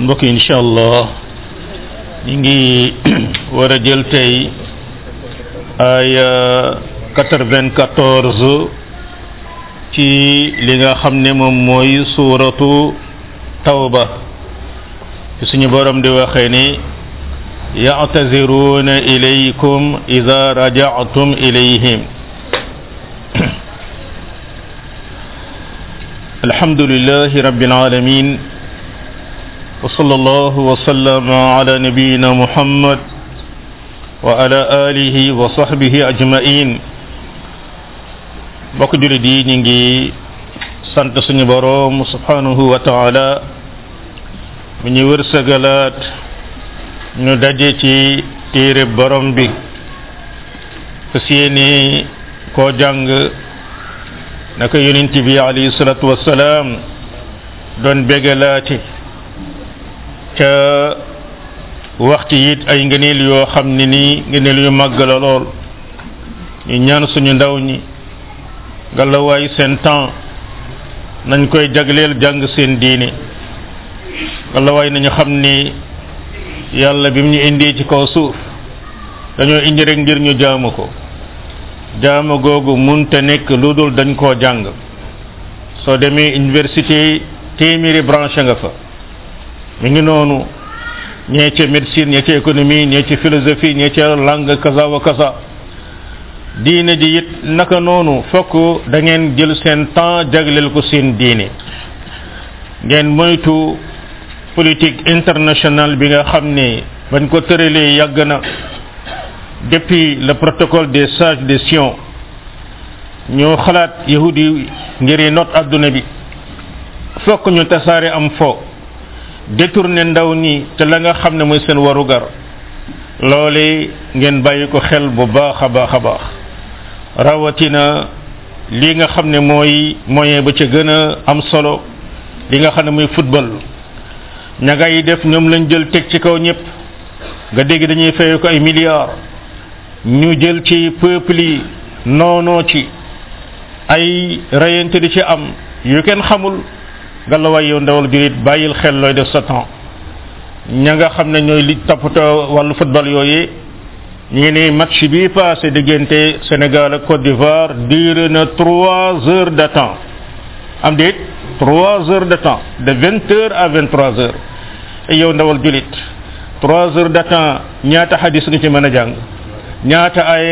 mbokk yi insha allah ñu ngi war a jël tey ay 94 ci li nga xam ne moom mooy suuratu tawba ci suñu borom di waxe ni yactaziruuna ilaykum ida rajactum ilayhim alhamdulilahi rabi alalamin وصلى الله وسلم على نبينا محمد وعلى آله وصحبه أجمعين بك جلدي نيجي سانت سني سبحانه وتعالى من ورسغلات نو داجيتي تير بروم بي فسيني كو جانغ نكا يونتي عليه الصلاه والسلام دون بيغلاتي ca wax it ay ngëneel yoo xam ne nii ngëneel yu màgg la lool ñu ñaan suñu ndaw ñi ngalawaay seen temps nañ koy jagleel jàng seen diine ngalawaay nañu xam ni yàlla bi mu ñu indi ci kaw suuf dañoo indi rek ngir ñu jaamu ko jaamu googu munte nekk lu dul dañ koo jàng soo demee université téeméeri branche nga fa mi ngi noonu ñee ca médecine ñee ca économie ñee ca philosophie ñee ca langue kasa wa kasa ji it naka noonu fokk da ngeen jël seen temps jagleel ko seen diine ngeen moytu politique internationale bi nga xam ni bañ ko tëralee yàgg na depuis le protocole des sages de Sion ñoo xalaat yahudi ngir not àdduna bi fokk ñu tasaare am fo ne ndaw ñi te la nga xam ne mooy seen warugar loole ngeen bàyyi ko xel bu baax a baax a baax rawatina li nga xam ne mooy moyen ba ca gën a am solo li nga xam ne muy football ña nga yi def ñoom lañ jël teg ci kaw ñëpp nga dégg dañuy fay ko ay milliards ñu jël ci peuple yi noonoo ci ay rayante di ci am yu kenn xamul ngallaawaay yow ndawal julit bàyyil xel looy def sa temps ña nga xam ne ñooy li toppatoo wàllu football yooyu ñu ngi ni match bi passé diggante Sénégal ak Côte d'Ivoire duré na trois heures de temps am déet trois heures de temps de vingt heures à vingt trois heures yow ndawal julit trois heures de temps ñaata xadis nga ci mën a jàng ñaata ay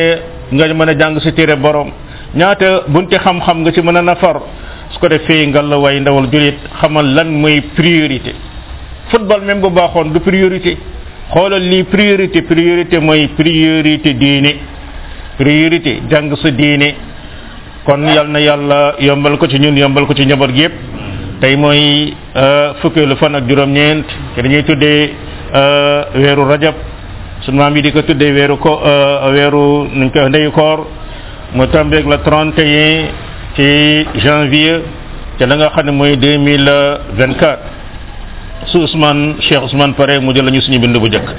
nga mën a jàng si téere borom ñaata bunti xam-xam nga ci mën a nafar su ko defee nga la waay ndawal jullit xamal lan mooy priorité football même bu baaxoon du priorité xoolal lii priorité priorité mooy priorité diine priorité jàng sa diine kon yal na yàlla yombal ko ci ñun yombal ko ci njaboot gi yépp tey mooy euh, fukkeelu fan ak juróom-ñeent te dañuy tuddee euh, weeru rajab sunu maam yi di ko tuddee weeru ko euh, weeru nuñ koy ndeyu koor mu tombeeg la 31 ci janvier te la nga xam ne mooy 2024 su Ousmane Cheikh Ousmane pare mu jël ñu suñu bind bu jëkk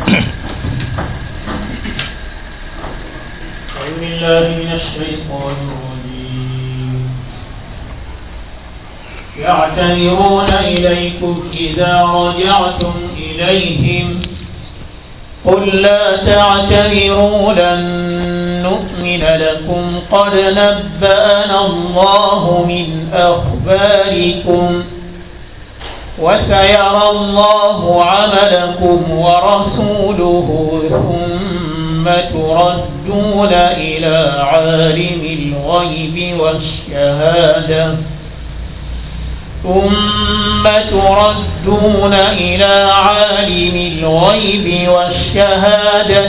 يعتذرون إليكم إذا رجعتم إليهم قل لا تعتبروا لن نؤمن لكم قد نبأنا الله من أخباركم وسيرى الله عملكم ورسوله ثم تردون إلى عالم الغيب والشهادة ثم تردون إلى عالم الغيب والشهادة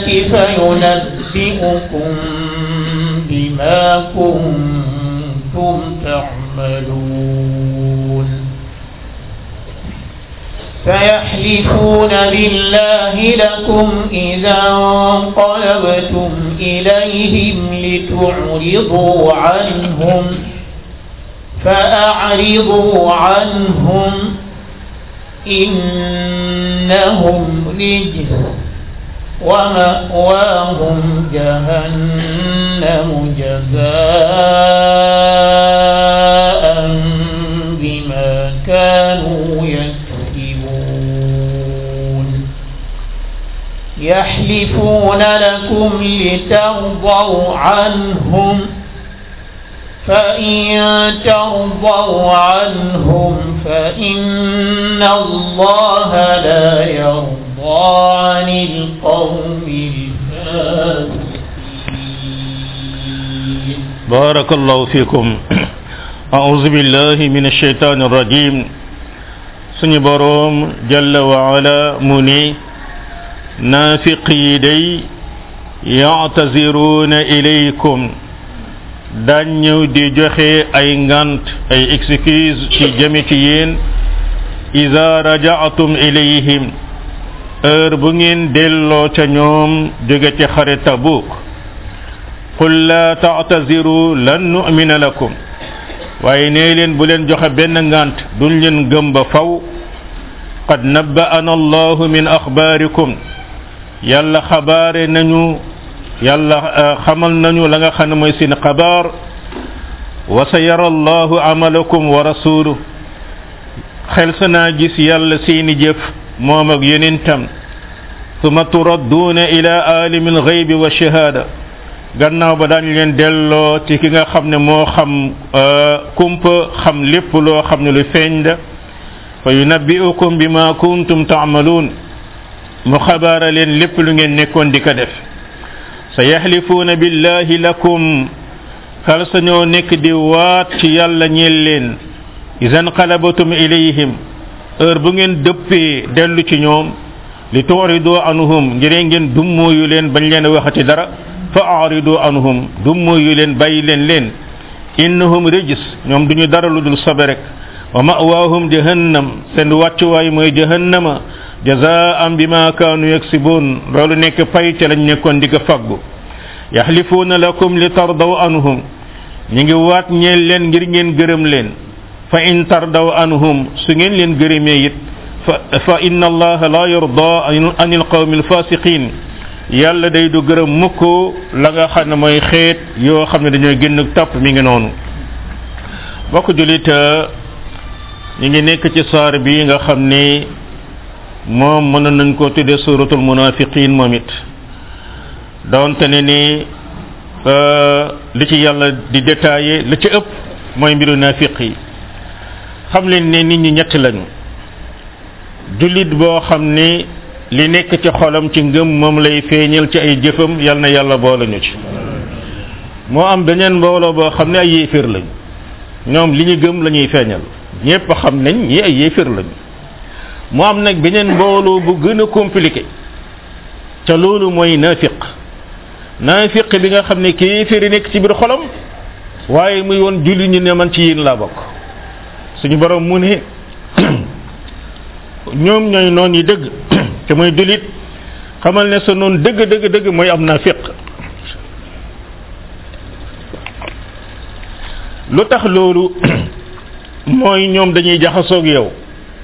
فينبئكم بما كنتم تعملون فيحلفون بالله لكم إذا انقلبتم إليهم لتعرضوا عنهم فأعرضوا عنهم إنهم رجس ومأواهم جهنم جزاء بما كانوا يكسبون يحلفون لكم لترضوا عنهم فإن ترضوا عنهم فإن الله لا يرضى عن القوم الفاسقين بارك الله فيكم أعوذ بالله من الشيطان الرجيم سني بروم جل وعلا مني نافقي دي يعتذرون إليكم daañ ñëw di joxe ay ngant ay excuse ci jëme ci yéen iza rajaatum ilayhim heure bu ngeen delloo ca ñoom jóge ci xare Tabuk qul la taataziru lan nu'mina lakum waaye nee leen bu leen joxe benn ngant duñ len gëm ba faw qad nabba'ana allahu min axbaarikum yàlla xabaare nañu yalla xamal nañu la nga xam ne mooy seen xabaar wa sa yara allahu amalakum wa rasulu xel sa naa gis yàlla seeni jëf moom ak yenentam suma turadduuna ila alimi alxaybi wa shahaada gannaaw ba daañu leen delloo ci ki nga xam ne moo xam kumpa xam lépp loo xam ne lu feeñ da fa yunabbiukum bima kuntum taamaluun mu xabaara leen lépp lu ngeen nekkoon di ko def sa yaxlifuuna billahi lakum xal sañoo nekk di waat ci yàlla ñeel leen isan xalabatum ilayhim heure bu ngeen dëppee dellu ci ñoom li tuuridu anhum njëree ngeen dummóoyu leen bañ leen waxati dara fa aridu anhum dummóoyu leen bay leen leen innahum rijis ñoom duñu dara lu dul sobe rek wa ma'waahum jahannam seen wàccuwaay mooy jahannama jazaa'an bima kaanu yaksibuun loolu nekk pay ca lañ nekkoon di ko faggu yaxlifuuna lakum li tardaw anhum ñu ngi waat ñeel leen ngir ngeen gërëm leen fa in tardaw anhum su ngeen leen gërëmee it fa inna allaha la yarda an il qawmi alfasiqin yàlla day du gërëm mukk la nga xam ne mooy xeet yoo xam ne dañooy génn topp mi ngi noonu bokk jullit ñu ngi nekk ci saar bi nga xam ni moom mën nañ ko tudde suratul munafiqin moom it doonte ne nii euh, li ci yàlla di détaillé la ci ëpp mooy mbiru naafiq yi xam leen ne nit ñi ñetti lañu jullit boo xam ni li nekk ci xolam ci ngëm moom lay feeñal ci ay jëfam yal na yàlla boolañu ci moo am beneen mbooloo boo xam ne ay yéeféer lañu ñoom li ñu gëm la ñuy feeñal ñëpp xam nañ ñi ay yéefér lañu mu am nag beneen mbooloo bu gën a compliqué te loolu mooy naafiq naafiq bi nga xam ne kéeféri nekk ci biir xolom waaye muy woon julli ñu ne man ci yéen laa bokk suñu boroom mu ne ñoom ñooy noon yi dëgg te mooy jullit xamal ne sa noon dëgg dëgg dëgg mooy am naafiq lu tax loolu mooy ñoom dañuy jaxasoog yow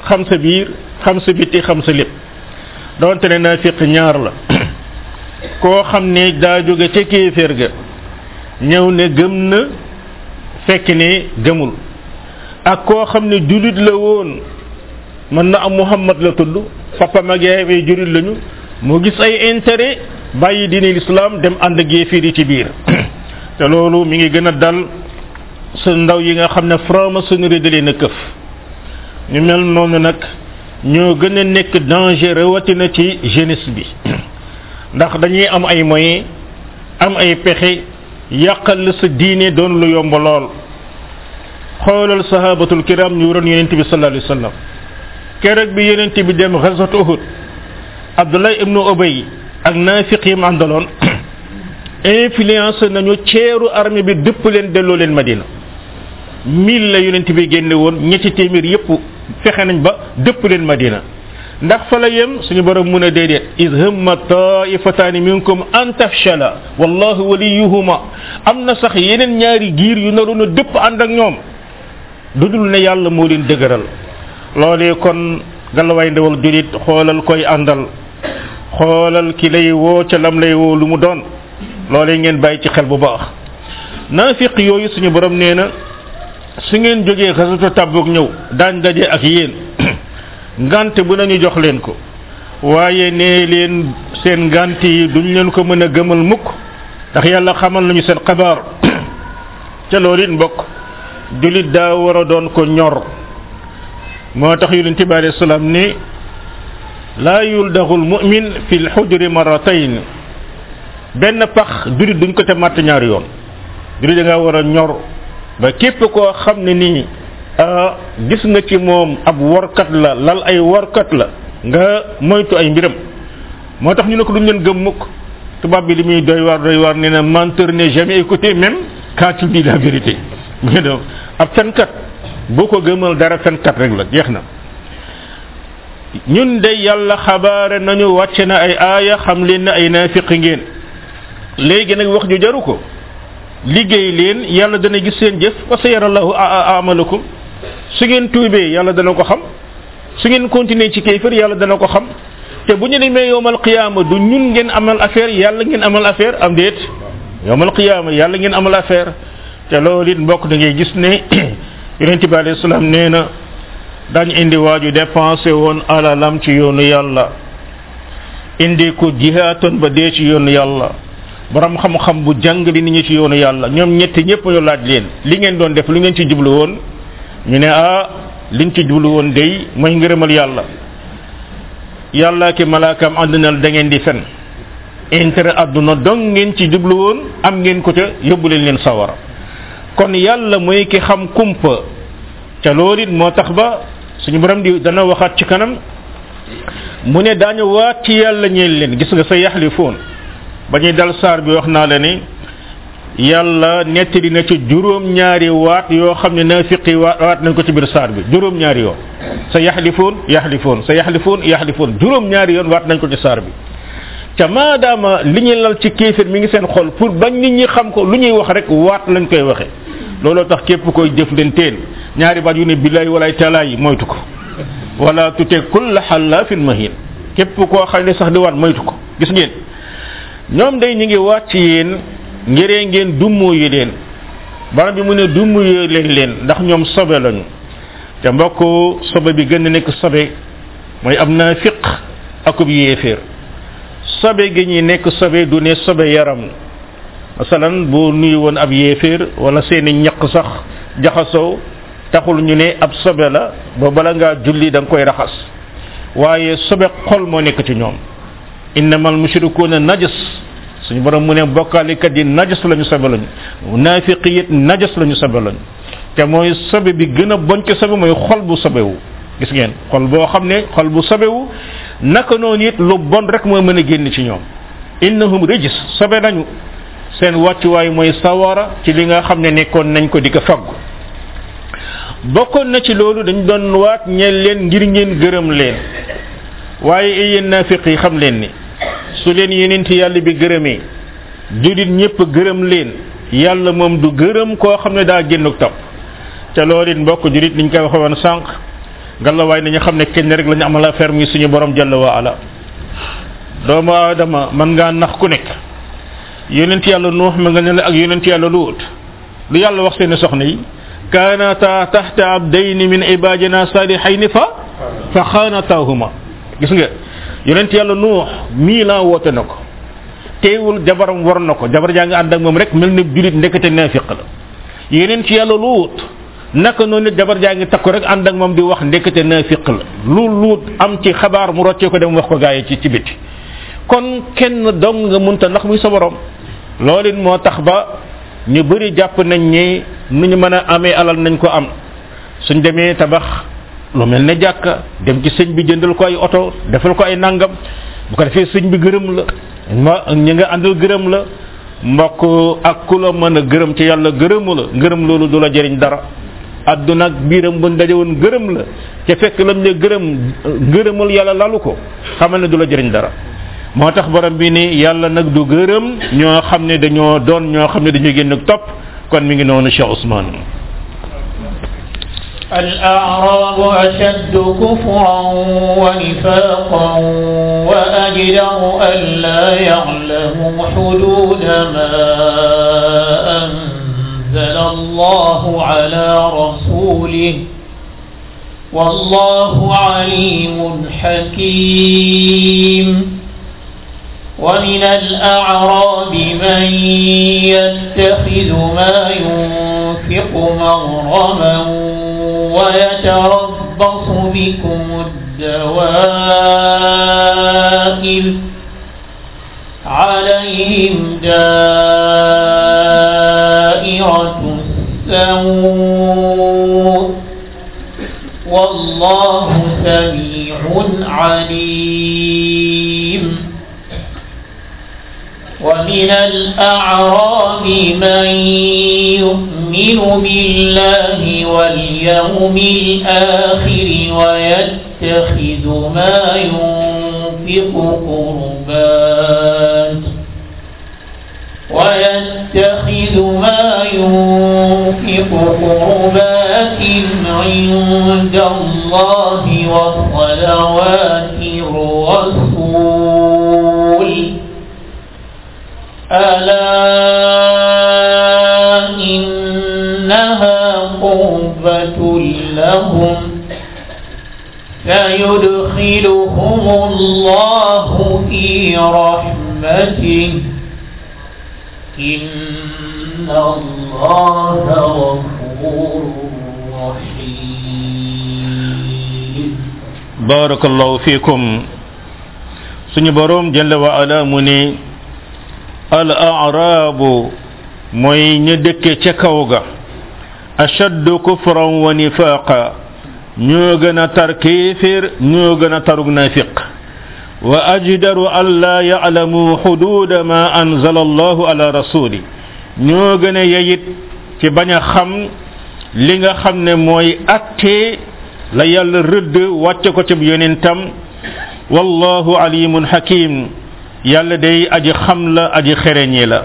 xam sa biir xam sa biti xam sa lépp donte ne naafiq ñaar la koo xam ne daa jóge ca kéeféer ga ñëw ne gëm na fekk ne gëmul ak koo xam ne jullit la woon mën na am Muhammad la tudd papa mag yaay ay jullit lañu mu gis ay intérêt bàyyi diine lislaam dem ànd ak yéeféer yi ci biir te loolu mi ngi gën dal suñ ndaw yi nga xam ne franc-maçonnerie da leen a këf ñu mel noonu nag ñoo gën a nekk danger rawatina ci jeunesse bi ndax dañuy am ay moyens am ay pexe yàqal la sa diine doon lu yomb lool xoolal sahabatul kiram ñu waroon yonent bi sallallahu alayhi wasallam keroog bi yonent bi dem ghazwat Uhud Abdullah ibnu Ubay ak naafiq yi mu àndaloon influence nañu ceeru armée bi dëpp leen delloo leen Madina mille la yonent bi génne woon ñetti téeméer yépp fexe nañ ba dëpp leen madina ndax fa la yem suñu borom mën a déedéet iz hamma taifataani minkum an tafshala wallahu waliyuhuma am na sax yeneen ñaari giir yu naroon a dëpp ànd ak ñoom dul ne yàlla moo leen dëgëral loolee kon galawaay ndawal julit xoolal koy àndal xoolal ki lay woo ca lam lay woo lu mu doon loolee ngeen bàyyi ci xel bu baax naafiq yooyu suñu borom nee na su ngeen jógee xasata tàbboog ñëw daañ daje ak yéen ngante bu nañu jox leen ko waaye nee leen seen ngànt yi duñ leen ko mën a gëmal mukk ndax yàlla xamal nañu seen xabaar ca loolu it mbokk jullit daa war a doon ko ñor moo tax yu yonent bi alayhi salaam ni laa yuldaxul mu'min fi lxujuri maratayn benn pax jullit duñ ko te màtt ñaari yoon jullit da war a ñor ba képp koo xam ne nii ah, gis nga ci moom ab warkat la lal ay warkat la nga moytu ay mbiram moo tax ñu ne ko duñ leen gëm mukk tubaab bi li muy doy waar doy waar nee na menteur n'est jamais écouté même quand il dit la vérité mais donc ab fenkat boo ko gëmal dara fenkat rek la jeex na ñun de yàlla xabaare nañu wàcce na ay aaya xam leen na ay naa naafiq ngeen léegi nag wax ju jaru ko liggéey leen yàlla dana gis seen jëf wa sayarallahu amalakum su ngeen tuubee yàlla dana ko xam su ngeen continuer ci kéefër yàlla dana ko xam te bu ñu demee yowmal qiyaama du ñun ngeen amal affaire yàlla ngeen amal affaire am déet yowmal qiyaama yàlla ngeen amal affaire te loolu it mbokk dangay gis ne yonent bi alayhi salaam nee na dañ indi waaju dépensé woon alalam ci yoonu yàlla indi ko jihaatoon ba dee ci yoonu yàlla borom xam xam bu jang li ñi ci yoonu yalla ñom ñetti ñepp yo laaj leen li ngeen doon def lu ngeen ci jublu woon ñu ne ah liñ ci jublu woon de moy ngeureumal yalla yalla ki malaakam aduna da ngeen di fen inter aduna do ngeen ci jublu woon am ngeen ko te yobul leen sawar kon yalla moy ki xam kumpa ca lorit motax ba suñu borom di dana waxat ci kanam mu ne dañu waati yalla ñeel leen gis nga sa yahlifun ba ñuy dal saar bi wax naa la ni yàlla nettali na ci juróom-ñaari waat yoo xam ne naafiqi waat nañ ko ci biir saar bi juróom-ñaari yoon sa yaxlifuun yaxlifuun sa yaxlifuun yaxlifuun juróom-ñaari yoon waat nañ ko ci saar bi ca daama li ñuy lal ci kéefir mi ngi seen xol pour bañ nit ñi xam ko lu ñuy wax rek waat lañ koy waxee looloo tax képp koy jëf leen teen ñaari baat yu ne billaay walaay taalaay yi moytu ko wala tute kulla xallaafin mahin képp koo xam sax di waat moytu ko gis ngeen ñoom day ñu ngi waat ci yéen ngiree ngeen dummóoyu leen borom bi mu ne dummóoyu leen leen ndax ñoom sobe lañu te mbokk sobe bi gën a nekk sobe mooy am naa fiq akub yéeféer sobe gi ñu nekk sobe du ne sobe yaram masalan boo nuyu woon ab yéeféer wala seeni ñaq sax jaxasoo taxul ñu ne ab sobe la ba bala ngaa julli danga koy raxas waaye sobe xol moo nekk ci ñoom innamal mushrikuuna najas suñu borom mu ne bokkaalikat yi najas la sobe lañu naafiqi it najas la ñu sobe lañu te mooy sobe bi gën a bon ci sobe mooy xol bu sobewu gis ngeen xol boo xam ne xol bu sobewu naka noonu it lu bon rek moo mën a génne ci ñoom innahum rijis sobe nañu seen wàccuwaay mooy sawara ci li nga xam ne nekkoon nañ ko di ko faggu bokkoon na ci loolu dañ doon waat ñeel leen ngir ngeen gërëm leen waaye yéen naafiq yi xam leen ni su leen yenente yàlla bi gërëmee julit ñépp gërëm leen yàlla moom du gërëm koo xam ne daa génnug topp te loolu it mbokk julit niñ koy waxe woon sànq galla waay nañu xam ne kenn rek lañu amal affaire mi suñu borom jàlla wa ala doomu aadama man ngaa nax ku nekk yonent yàlla nuux ma nga ne ak yonent yàlla lu wut lu wax seen soxna yi kanata tahta abdayni min ibadina salihayn fa fa khanatahuma gis nga yonent yàlla nuux mille ans woote na ko teewul jabaram waroon na ko jabar jaa nga ànd ak moom rek mel ni julit ndekete naafiq la ci yàlla luut naka noonu jabar jaa ngi ko rek ànd ak moom di wax ndekete naafiq la lu luut am ci xabaar mu roccee ko dem wax ko gaa yi ci ci biti kon kenn dong nga munta ndax muy sa borom loolu moo tax ba ñu bëri jàpp nañ ni nu ñu mën a amee alal nañ ko am suñ demee tabax lu melne jakka dem ci señ bi jëndal ko ay auto defal ko ay nangam bu ko defé señ bi gërem la ma ñi nga andal gërem la mbokk ak ku mëna gërem ci yalla gërem la gërem lolu dula jëriñ dara aduna ak biram bu ndaje won gërem la ci fekk lam ne gërem gëremul yalla lalu ko xamal dula jëriñ dara motax borom bi ni yalla nak du gërem ño xamne dañoo doon ño xamne dañu genn top kon mi ngi nonu cheikh ousmane الأعراب أشد كفرا ونفاقا وأجدر ألا يعلموا حدود ما أنزل الله على رسوله والله عليم حكيم ومن الأعراب من يتخذ ما ينفق مغرما ويتربص بكم الدوائر عليهم دائرة السوء والله سميع عليم ومن الأعراب من يؤمن يؤمن بالله واليوم الآخر ويتخذ ما ينفق قربات ويتخذ ما ينفق قربات عند الله وصلوات الرسول ألا لهم فيدخلهم الله في رحمته إن الله غفور رحيم بارك الله فيكم suñu borom jalla wa ala mu ne al a'rabu mooy ña dëkke ca kaw ga أشد كفرا ونفاقا نيوغنا تركيفر نيوغنا ترق نفق وأجدر أن لا يعلموا حدود ما أنزل الله على رسولي نيوغنا ييت في بني خم لنغا خم نموي أكي ليال رد واتكو تبين انتم والله عليم حكيم يال أجي خم أجي خيرين يلا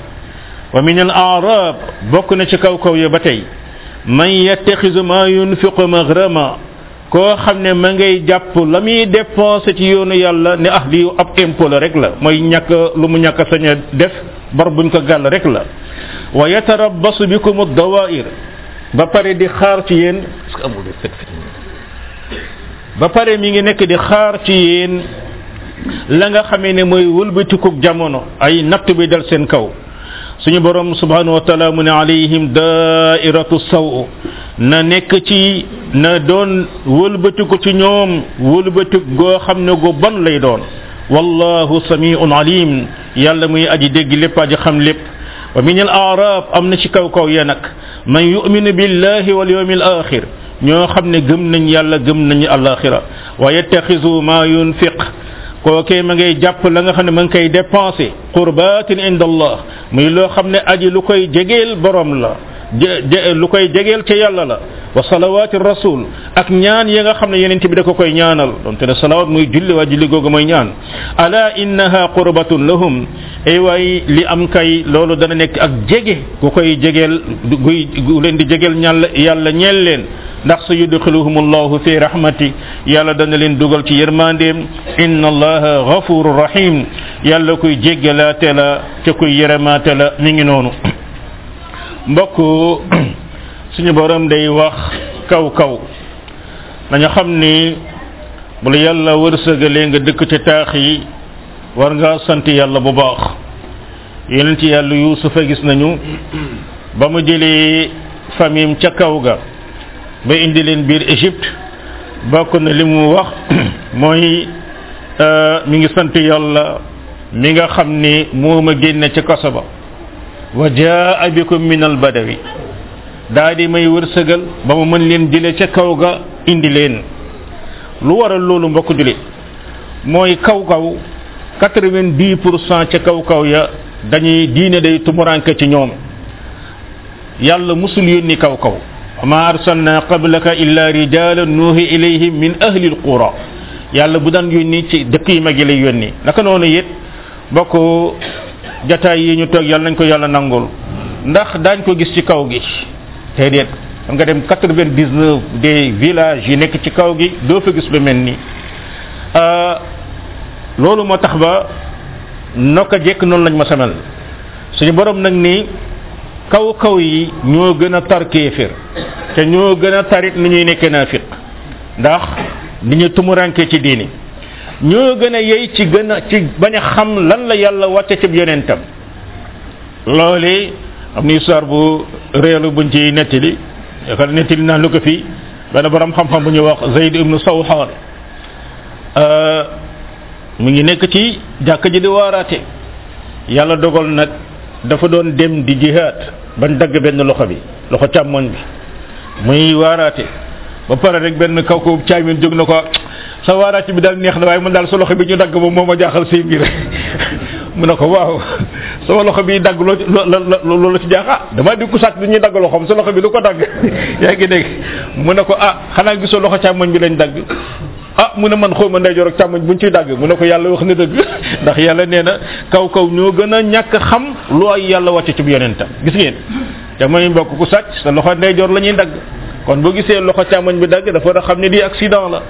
ومن الأعراب بكنا تكوكو يبتي يبتي may man yattaxisu ma yunfiqu maghrama koo xam ne ma ngay jàpp la muy dépensé ci yoonu yàlla ne ah lii ab impôt la rek la mooy ñàkk lu mu ñàkk sañ def bor buñ ko gàll rek la basu wa yatarabasu bikum dawair ba pare di xaar ci yéen ba pare mi ngi nekk di xaar ci yéen la nga xamee ne mooy wëlbatikuk jamono ay natt bi dal seen kaw suñu borom subhanahu wa ta'ala mun alayhim da'iratu saw na nek ci na don wulbeutu ko ci ñoom wulbeutu go xamne go ban lay don wallahu samiun alim yàlla muy aji dégg lépp aji xam lépp wa min al arab amna ci kaw kaw ya nak man yu'minu billahi wal yawmil akhir ño xamne gëm nañ yàlla gëm nañ al al-akhira wa yattakhizu ma yunfiq ko ke ma ngay jàpp la nga xamne ma ngay dépenser qurbatin indallah muy loo xam ne aji lu koy jegeel borom la lu koy jegeel ca yàlla la wa salawaati rasul ak ñaan ya nga xam ne yenente bi da ko koy ñaanal donte ne salawat muy julli waa julli googu mooy ñaan ala innaha qurbatun lahum ay waay li am kay loolu dana nekk ak jege ko koy jegel guy gu leen di jegeel ñàll yàlla ñeel leen ndax sa yudxiluhum allahu fi rahmati yàlla dana leen dugal ci yërmandeem inna allaha ghafurur rahim yàlla kuy jéggalaate la ca kuy yërëmaate la mu ngi noonu mbokk suñu borom day wax kaw kaw dañu xam ni bu la yàlla wërsëgalee nga dëkk ci taax yi war nga sant yàlla bu baax yeneen ci yàlla yuusufa gis nañu ba mu jëlee famim ca kaw ga ba indi leen biir Égypte bokk na li mu wax mooy euh, mi ngi sant yàlla mi nga xam ni moo ma génne ca kaso ba wa jaa bikum min al badawi daa di may wërsëgal ba ma mën leen jële ca kaw ga indi leen lu waral loolu mbokk jullit mooy kaw kaw quatre-vingt-dix pour cent ca kaw kaw ya dañuy diine day tumuranke ci ñoom yàlla musul ni kaw kaw ma arsalna qablaka illa rijalan nuuhi ilayhim min ahli alqura yàlla bu daan yónni ci dëkk yi mag yi lay yónni naka noonu it bako jotaay yi ñu toog yàlla nañ ko yàlla nangul ndax dañ ko gis ci kaw gi tedet am nga dem 99 des villages yi nekk ci kaw gi doo fa gis lu mel ni euh, loolu moo tax ba noka jekk noonu lañ ma samel suñu borom nag ni kaw kaw yi ñoo gën tar kefir, te ñoo gën tarit ni ñuy nekk naafiq ndax ni ñu tumuranke ci diini ñoo gën a yey ci gën a ci bañ a xam lan la yàlla wàcce cib yonentam loole am na histoire bu réelu buñ ci nettali yaakaar nettali naa lu ko fii ne borom xam-xam bu ñuy wax Zayd ibnu Sawxaar euh, mu ngi nekk ci jàkk ji di waaraate yàlla dogal nag dafa doon dem di jihaad bañ dagg benn loxo bi loxo càmmoñ bi muy waaraate ba pare rek benn kaw ko caamin jóg na ko sa waaraati bi daal neex na waaye man daal sa loxo bi ñu dagg moom moo ma jaaxal say mbir mu ne ko waaw sama loxo bi dagg loo loo la ci jaax ah damaa di ku sàcc dañuy dagg loxoom loxo bi lu ko dagg yaa ngi mu ne ko ah xanaa gisoo loxo càmmoñ bi lañ dagg ah mu ne man xaw ma ndeyjoor ak càmmoñ buñ ciy dàgg mu ne ko yàlla wax na dëgg ndax yàlla nee na kaw kaw ñoo gën a ñàkk xam lu ay yàlla wàcce ci tam gis ngeen jamono mbokk ku sàcc sa loxo ndeyjoor la ñuy dagg kon boo gisee loxo càmmoñ bi dagg dafa war a xam ne di accident la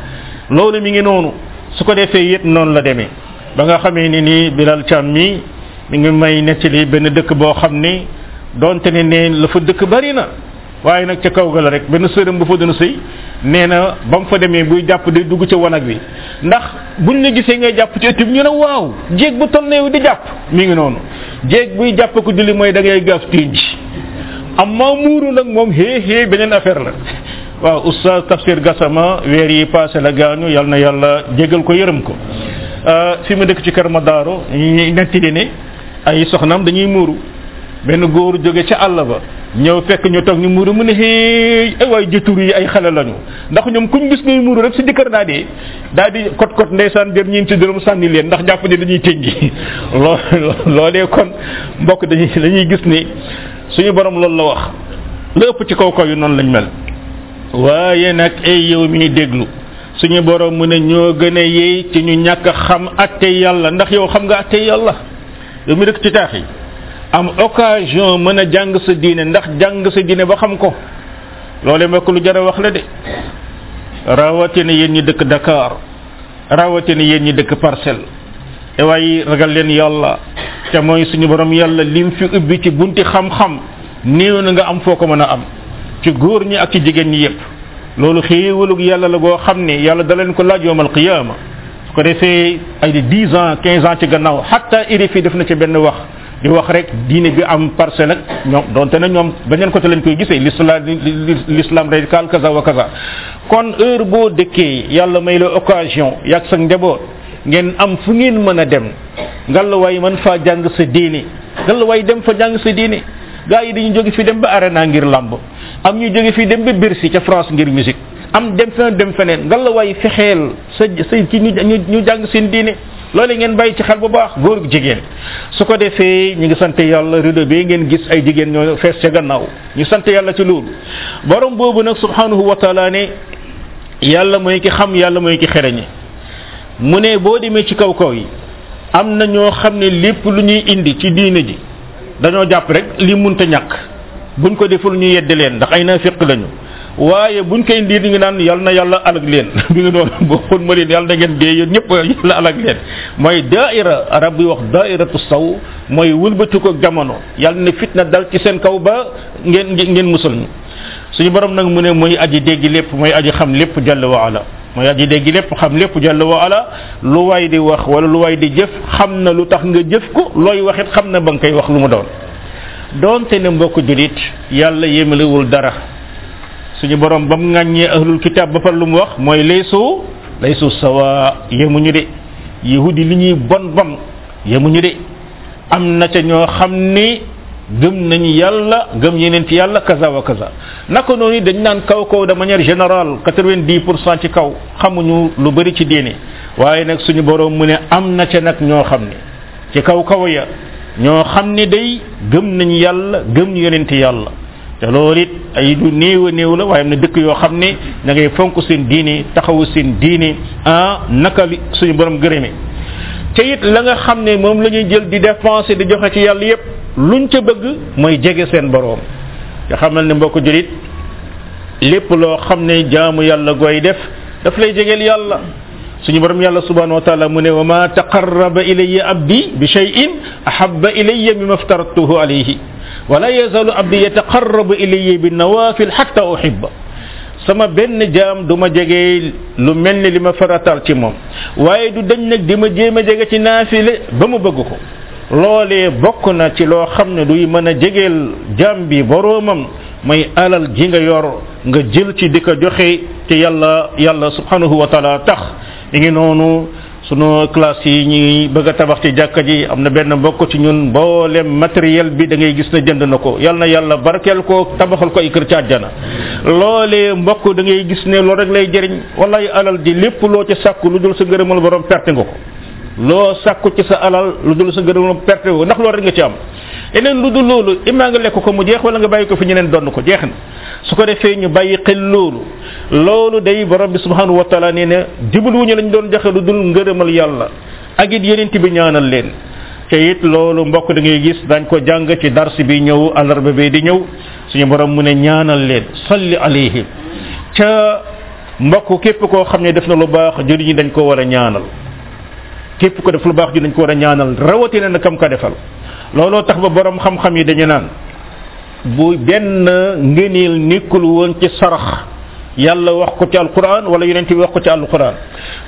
loolu mi ngi noonu su ko defee it noonu la demee ba nga xamee ni nii Bilal Thiam mi mi ngi may nettali benn dëkk boo xam ni donte ne nee la fa dëkk bari na waaye nag ca kaw ga la rek benn sërëm bu fa doon sëy nee na ba mu fa demee buy jàpp di dugg ca wanag wi ndax bu ñu la gisee ngay jàpp ci ëtt bi ñu ne waaw jéeg bu tonneew di jàpp mi ngi noonu jéeg buy jàpp ko julli mooy da ngay gaaf ji am maa muuru nag moom xée xée beneen affaire la waaw oustaz Tafsir Gassama weer yi passé la gaañu yal na yàlla jégal ko yërëm ko euh, fi ma dëkk ci Kër Madaro ñu nettali ne ay soxnaam dañuy muuru benn góor jóge ca àll ba ñëw fekk ñu toog ñu muuru mu ne xëy ay waay jëtur yi ay xale lañu ndax ñoom kuñ gis ngay muuru rek si jëkkër daa dee daa di kot kot ndeysaan jër ñeenti dërëm sànni leen ndax jàpp ne dañuy tënji loo loolee kon mbokk dañuy dañuy gis ni suñu borom loolu la wax la ëpp ci kaw kaw yu noonu lañ mel waaye nag ay yow mi déglu suñu borom mu ne ñoo gën a yey ci ñu ñàkk xam atte yàlla ndax yow xam nga atte yàlla yow mi dëkk ci taax yi am occasion mën a jàng sa diine ndax jàng sa diine ba xam ko loolee mbokk lu jar a wax la de rawatina yéen ñi dëkk Dakar rawatina yéen ñi dëkk parcelle te waaye ragal leen yàlla te mooy suñu borom yàlla lim fi ubbi ci bunti xam-xam néew na nga am foo ko mën a am. ci góor ñi ak ci jigéen ñi yépp loolu xéewalug yàlla la goo xam ne yàlla da leen ko laaj yowmal qiyaama su ko defee ay di dix ans quinze ans ci gannaaw xatta fii def na ci benn wax di wax rek diine bi am parce nag ñoom donte na ñoom beneen côté lañ koy gisee l'islam l'islam radical kaza wa kaza kon heure boo dëkkee yàlla may la occasion yàgg sa njaboot ngeen am fu ngeen mën a dem la waay mën faa jàng sa diine ngalla waay dem fa jàng sa gars yi dañu jóge fi dem ba arena ngir làmb am ñu jóge fii dem ba Bercy ca France ngir musique am dem feneen dem feneen nga la way fexeel sa sa ci ñu ñu jàng seen diine loolu ngeen bàyyi ci xel bu baax góor ak jigéen su ko defee ñu ngi sante yàlla rido bee ngeen gis ay jigéen ñoo fees ca gannaaw ñu sant yàlla ci loolu borom boobu nag subhanahu wa taala ne yàlla mooy ki xam yàlla mooy ki xereñe mu ne boo demee ci kaw kaw yi am na ñoo xam ne lépp lu ñuy indi ci diine ji dañoo jàpp rek li munta ñàkk buñ ko deful ñu yedde leen ndax ay naafiq lañu waaye buñ koy ndiir ñu ngi naan yàlla na yàlla alag leen bi nga doon boo xon ma leen yàlla na ngeen dee yéen ñëpp yàlla alag leen mooy daaira arab buy wax daairatu saw mooy wëlbatiku ak jamono yàlla ne fitna dal ci seen kaw ba ngeen ngeen musul ñu suñu borom nag mu ne mooy aji dégg lépp mooy aji xam lépp jàll waala mo ya di deg lepp xam lepp jallu wa ala lu way di wax wala lu way di jëf xam na lu tax nga jëf ko loy waxit xam na bang kay wax lu mu doon donte ne mbok julit yalla yemele wul dara suñu borom bam ngagne ahlul kitab ba fa lu mu wax moy laysu laysu sawa yemu ñu de yahudi li ñi bon bam yemu ñu de am ca ño xamni gëm nañu yàlla gëm yeneen ci yàlla kaza wa kaza naka noonu dañ naan kaw kaw de manière général quatre-vingt-dix pour cent ci kaw xamuñu lu bari ci diine waaye nag suñu boroom mu ne am na ci nag ñoo xam ne ci kaw kaw ya ñoo xam ne day gëm nañu yàlla gëm yonent yàlla te loolu it ay du néew a néew la waaye am na dëkk yoo xam ne da ngay fonk seen diine taxawu seen diine ah naka li suñu borom gërëme te it la nga xam ne moom la ñuy jël di défense di joxe ci yàlla yépp luñ ca bëgg mooy jege seen borom nga xamal ne mbokk julit lépp loo xam ne jaamu yàlla goy def daf lay jegeel yàlla suñu borom yàlla subhanahu wa taala mu ne wa ma taqarraba ilayya abdi bi shay'in ahabba ilayya mimma aftaratuhu alayhi yazalu abdi yataqarrabu ilayya bin nawafil hatta uhibba sama benn jaam du ma jege lu mel ni li ma faratal ci moom waaye du dañ nag di ma jéem a jege ci naafile ba mu bëgg ko loolee bokk na ci loo xam ne duy mën a jegeel jaam bi boroomam mooy alal ji nga yor nga jël ci di ko joxe te yàlla yàlla subhanahu wa taala tax li ngi noonu sunu classe yi ñuy bëgg a tabax ci jàkka ji am na benn mbokk ci ñun mboolem matériel bi da ngay gis ne jënd na ko yal na yàlla barkeel ko tabaxal ko ay kër ci àjjana loolee mbokk da ngay gis ne loolu rek lay jëriñ wallaay alal ji lépp loo ci sàkk lu dul sa ngërëmal borom perte nga ko loo sàkku ci sa alal lu dul sa ngërëmal perte nga ndax loolu rek nga ci am leneen lu dul loolu imaa nga lekk ko mu jeex wala nga bàyyi ko fi ñeneen donn ko jeex na su ko defee ñu bàyyi xel loolu loolu day borom bi subhanahu wa taala nee na ñu lañu doon joxe lu dul ngërëmal yàlla ak it yeneen bi ñaanal leen te it loolu mbokk da ngay gis dañ ko jàng ci dars bi ñëw àllarba bi di ñëw suñu borom mu ne ñaanal leen salli alayhim ca mbokk képp koo xam ne def na lu baax jëriñu dañ ko war a ñaanal képp ko def lu baax ju dañ ko war a ñaanal rawatina na kam ko defal looloo tax ba borom xam-xam yi dañu naan bu benn ngëneel nekkul woon ci sarax yàlla wax ko ci alquran wala yonent bi wax ko ci alquran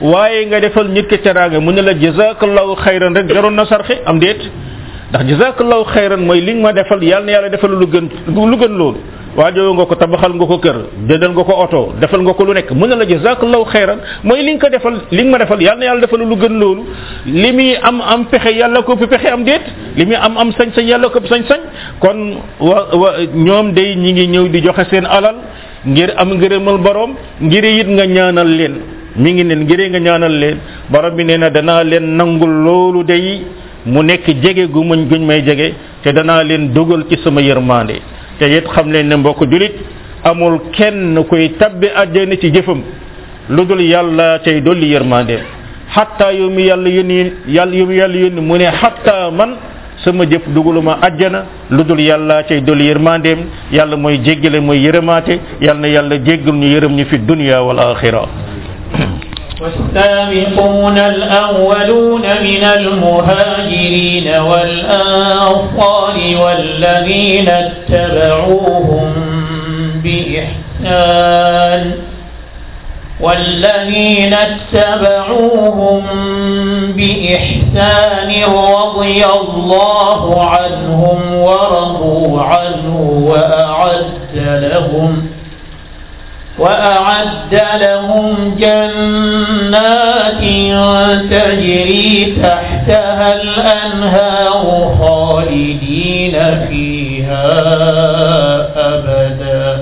waaye nga defal nit ki teraanga mu ne la jazakallahu xayran rek jaroon na sarxe am déet ndax jazakallahu xayran mooy li nga ma defal yàlla na yàlla defal lu gën lu gën loolu waajoo nga ko tabaxal nga ko kër jëndal nga ko oto defal nga ko lu nekk mën na la jazakallahu xayran mooy li nga ko defal li nga ma defal yàlla na yàlla defal lu gën loolu li muy am am pexe yàlla ko fi pexe am déet li muy am am sañ-sañ yàlla ko sañ-sañ kon wa wa ñoom day ñi ngi ñëw di joxe seen alal ngir am ngërëmal borom ngir it nga ñaanal leen mi ngi leen ngir nga ñaanal leen borom bi nee na danaa leen nangul loolu day mu nekk jege gu muñ guñ may jege te danaa leen dugal ci sama yërmande te it xam leen ne mbokk julit amul kenn koy tabbi àjjana ci jëfam lu dul yàlla tey dolli yërmande xatta yu mu yàlla yónni yàlla yu mu yàlla ne xatta man sama jëf dugaluma àjjana lu dul yàlla tey dolli yërmandeem yàlla mooy jéggale mooy yërëmaate yàlla na yàlla jéggal ñu yërëm ñu fi dunya wal axira والسابقون الأولون من المهاجرين والأنصار والذين اتبعوهم بإحسان والذين اتبعوهم بإحسان رضي الله عنهم ورضوا عنه وأعد لهم وأعد لهم جنات تجري تحتها الأنهار خالدين فيها أبدا